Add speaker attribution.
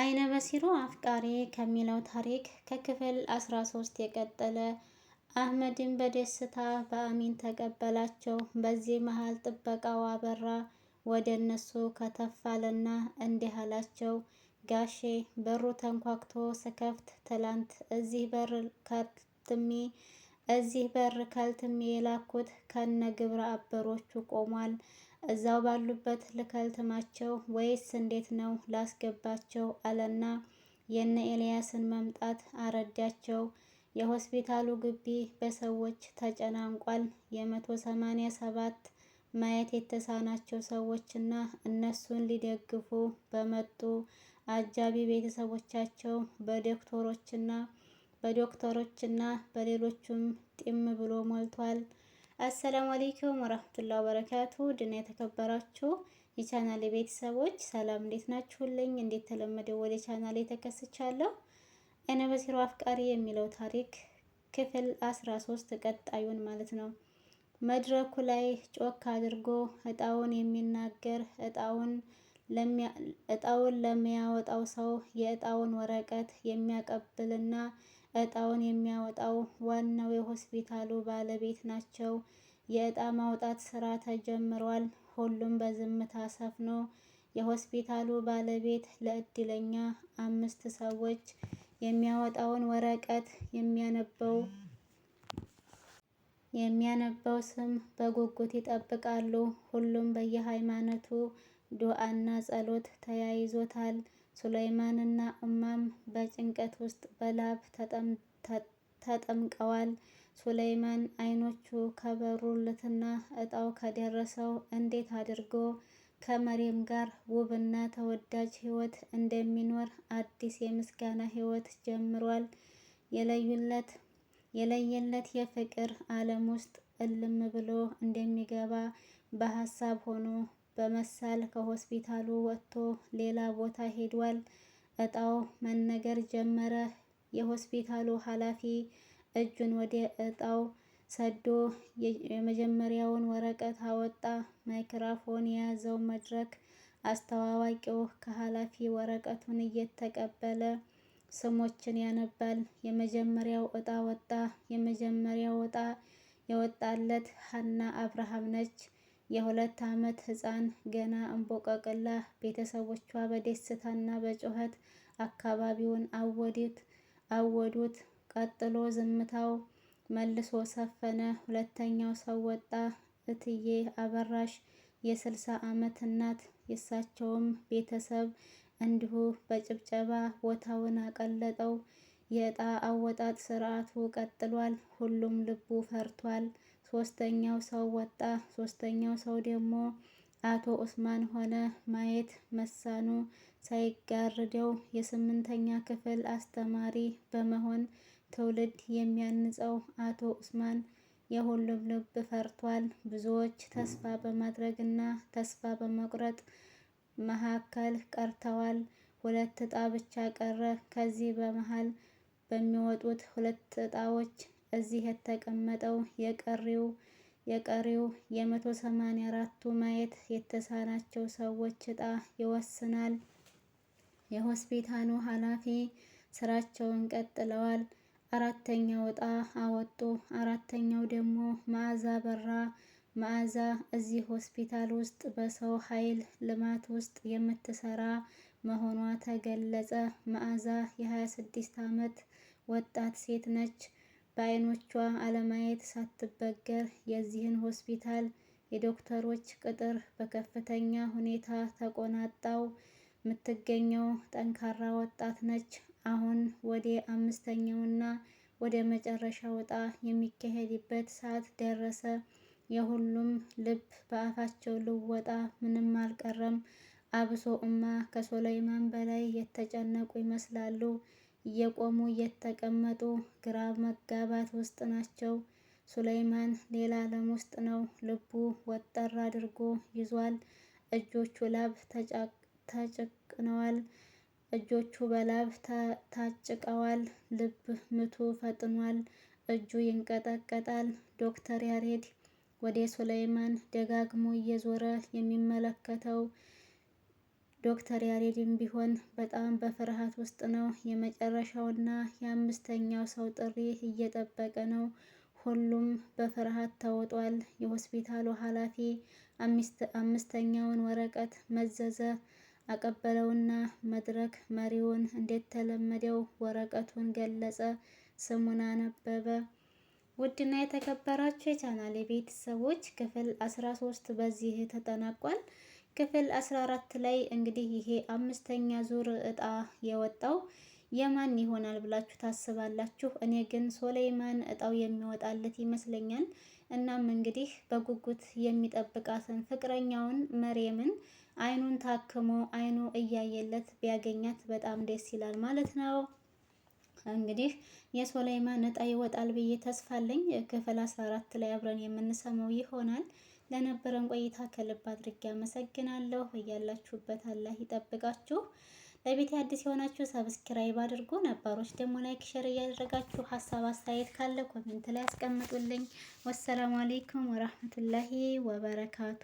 Speaker 1: አይነ በሲሮ አፍቃሪ ከሚለው ታሪክ ከክፍል 13 የቀጠለ። አህመድን በደስታ በአሚን ተቀበላቸው። በዚህ መሃል ጥበቃው አበራ ወደ እነሱ ከተፋለና እንዲህ አላቸው፣ ጋሼ በሩ ተንኳክቶ ስከፍት ትላንት እዚህ በር ከልትሜ እዚህ በር ከልትሜ የላኩት ከነ ግብረ አበሮቹ ቆሟል። እዛው ባሉበት ልከልትማቸው ወይስ እንዴት ነው ላስገባቸው አለና የነ ኤልያስን መምጣት አረዳቸው። የሆስፒታሉ ግቢ በሰዎች ተጨናንቋል። የመቶ ሰማኒያ ሰባት ማየት የተሳናቸው ሰዎችና እነሱን ሊደግፉ በመጡ አጃቢ ቤተሰቦቻቸው በዶክተሮችና በዶክተሮችና በሌሎቹም ጢም ብሎ ሞልቷል። አሰላሙ አሌይኩም ወራህመቱላሂ ወበረካቱ ድና የተከበራችሁ የቻናሌ ቤተሰቦች ሰላም፣ እንዴት ናችሁልኝ? እንዴት ተለመደው ወደ ቻናሌ ተከስቻለሁ። እነ በሲሮ አፍቃሪ የሚለው ታሪክ ክፍል አስራ ሶስት ቀጣዩን ማለት ነው። መድረኩ ላይ ጮክ አድርጎ እጣውን የሚናገር እጣውን እጣውን ለሚያወጣው ሰው የእጣውን ወረቀት የሚያቀብልና እጣውን የሚያወጣው ዋናው የሆስፒታሉ ባለቤት ናቸው። የእጣ ማውጣት ስራ ተጀምሯል። ሁሉም በዝምታ ሰፍኖ የሆስፒታሉ ባለቤት ለእድለኛ አምስት ሰዎች የሚያወጣውን ወረቀት የሚያነበው የሚያነበው ስም በጉጉት ይጠብቃሉ። ሁሉም በየሃይማኖቱ ዱዓና ጸሎት ተያይዞታል። ሱለይማንና እማም በጭንቀት ውስጥ በላብ ተጠምቀዋል። ሱለይማን አይኖቹ ከበሩለትና እጣው ከደረሰው እንዴት አድርጎ ከመሪም ጋር ውብና ተወዳጅ ህይወት እንደሚኖር አዲስ የምስጋና ህይወት ጀምሯል። የለዩለት የለየለት የፍቅር ዓለም ውስጥ እልም ብሎ እንደሚገባ በሀሳብ ሆኖ በመሳል ከሆስፒታሉ ወጥቶ ሌላ ቦታ ሄዷል። እጣው መነገር ጀመረ። የሆስፒታሉ ኃላፊ እጁን ወደ እጣው ሰዶ የመጀመሪያውን ወረቀት አወጣ። ማይክራፎን የያዘው መድረክ አስተዋዋቂው ከኃላፊ ወረቀቱን እየተቀበለ ስሞችን ያነባል። የመጀመሪያው እጣ ወጣ። የመጀመሪያው እጣ የወጣለት ሀና አብርሃም ነች። የሁለት ዓመት ሕፃን ገና እንቦቀቅላ ቤተሰቦቿ በደስታና በጩኸት አካባቢውን አወዱት አወዱት። ቀጥሎ ዝምታው መልሶ ሰፈነ። ሁለተኛው ሰው ወጣ። እትዬ አበራሽ የስልሳ ዓመት እናት የእሳቸውም ቤተሰብ እንዲሁ በጭብጨባ ቦታውን አቀለጠው። የዕጣ አወጣጥ ስርዓቱ ቀጥሏል። ሁሉም ልቡ ፈርቷል። ሶስተኛው ሰው ወጣ። ሶስተኛው ሰው ደግሞ አቶ ኡስማን ሆነ። ማየት መሳኑ ሳይጋርደው የስምንተኛ ክፍል አስተማሪ በመሆን ትውልድ የሚያንጸው አቶ ኡስማን የሁሉም ልብ ፈርቷል። ብዙዎች ተስፋ በማድረግና ተስፋ በመቁረጥ መካከል ቀርተዋል። ሁለት እጣ ብቻ ቀረ። ከዚህ በመሃል በሚወጡት ሁለት እጣዎች እዚህ የተቀመጠው የቀሪው የቀሪው የመቶ ሰማንያ አራቱ ማየት የተሳናቸው ሰዎች እጣ ይወስናል። የሆስፒታሉ ኃላፊ ስራቸውን ቀጥለዋል። አራተኛው እጣ አወጡ። አራተኛው ደግሞ መዓዛ በራ። መዓዛ እዚህ ሆስፒታል ውስጥ በሰው ኃይል ልማት ውስጥ የምትሰራ መሆኗ ተገለጸ። መዓዛ የ26 ዓመት ወጣት ሴት ነች። በአይኖቿ አለማየት ሳትበገር የዚህን ሆስፒታል የዶክተሮች ቅጥር በከፍተኛ ሁኔታ ተቆናጣው የምትገኘው ጠንካራ ወጣት ነች። አሁን ወደ አምስተኛውና ወደ መጨረሻ ወጣ የሚካሄድበት ሰዓት ደረሰ። የሁሉም ልብ በአፋቸው ልወጣ ምንም አልቀረም። አብሶ እማ ከሶላይማን በላይ የተጨነቁ ይመስላሉ። እየቆሙ እየተቀመጡ ግራ መጋባት ውስጥ ናቸው። ሱለይማን ሌላ ዓለም ውስጥ ነው። ልቡ ወጠር አድርጎ ይዟል። እጆቹ ላብ ተጭቅነዋል። እጆቹ በላብ ታጭቀዋል። ልብ ምቱ ፈጥኗል። እጁ ይንቀጠቀጣል። ዶክተር ያሬድ ወደ ሱለይማን ደጋግሞ እየዞረ የሚመለከተው ዶክተር ያሬድም ቢሆን በጣም በፍርሃት ውስጥ ነው። የመጨረሻውና የአምስተኛው ሰው ጥሪ እየጠበቀ ነው። ሁሉም በፍርሃት ተውጧል። የሆስፒታሉ ኃላፊ አምስተኛውን ወረቀት መዘዘ፣ አቀበለውና መድረክ መሪውን እንደተለመደው ወረቀቱን ገለጸ፣ ስሙን አነበበ። ውድና የተከበራችሁ የቻናል የቤተሰቦች ክፍል አስራ ሶስት በዚህ ተጠናቋል። ክፍል 14 ላይ እንግዲህ ይሄ አምስተኛ ዙር እጣ የወጣው የማን ይሆናል ብላችሁ ታስባላችሁ? እኔ ግን ሶለይማን እጣው የሚወጣለት ይመስለኛል። እናም እንግዲህ በጉጉት የሚጠብቃትን ፍቅረኛውን መሬምን አይኑን ታክሞ አይኑ እያየለት ቢያገኛት በጣም ደስ ይላል ማለት ነው። እንግዲህ የሶለይማን እጣ ይወጣል ብዬ ተስፋለኝ። ክፍል 14 ላይ አብረን የምንሰማው ይሆናል። ለነበረን ቆይታ ከልብ አድርጌ አመሰግናለሁ። እያላችሁበት አላህ ይጠብቃችሁ። ለቤት አዲስ የሆናችሁ ሰብስክራይብ አድርጉ፣ ነባሮች ደግሞ ላይክ፣ ሸር እያደረጋችሁ ሀሳብ አስተያየት ካለ ኮሜንት ላይ አስቀምጡልኝ። ወሰላሙ አሌይኩም ወራህመቱላሂ ወበረካቱ